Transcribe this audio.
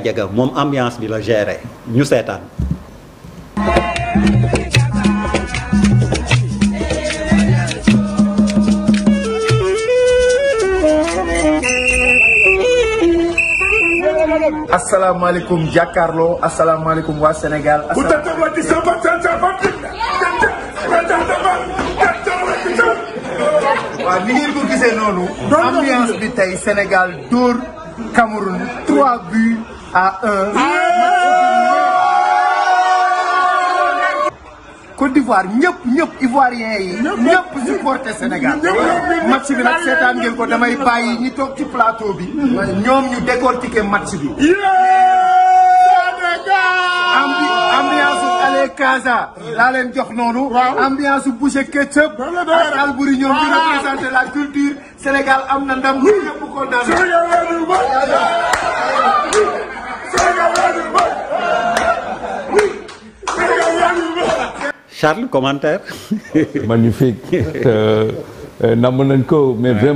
jaga moom ambiance bi la gérer ñu seetaan. asalaamaaleykum jàkkaarloo asalaamaaleykum waa Sénégal. waaw ni ngeen ko gisee noonu. ambiance bi tey Sénégal dóor Cameroun 3 buts. ah Côte d'Ivoire ñëpp ñëpp Ivoiriens yi. ñëpp supporté Sénégal. match bi nag seetaan ngeen ko damay bàyyi ñi toog ci plateau bi. ñoom ñu décortiquer match bi. ambiance ale Casa laa leen jox noonu. ambiance Boucher Ketchup. ak Albouri ñoom ñu représenté la culture Sénégal am na ndam ñëpp kontaan Charles commentaire. magnifique eh, namm nañ ko mais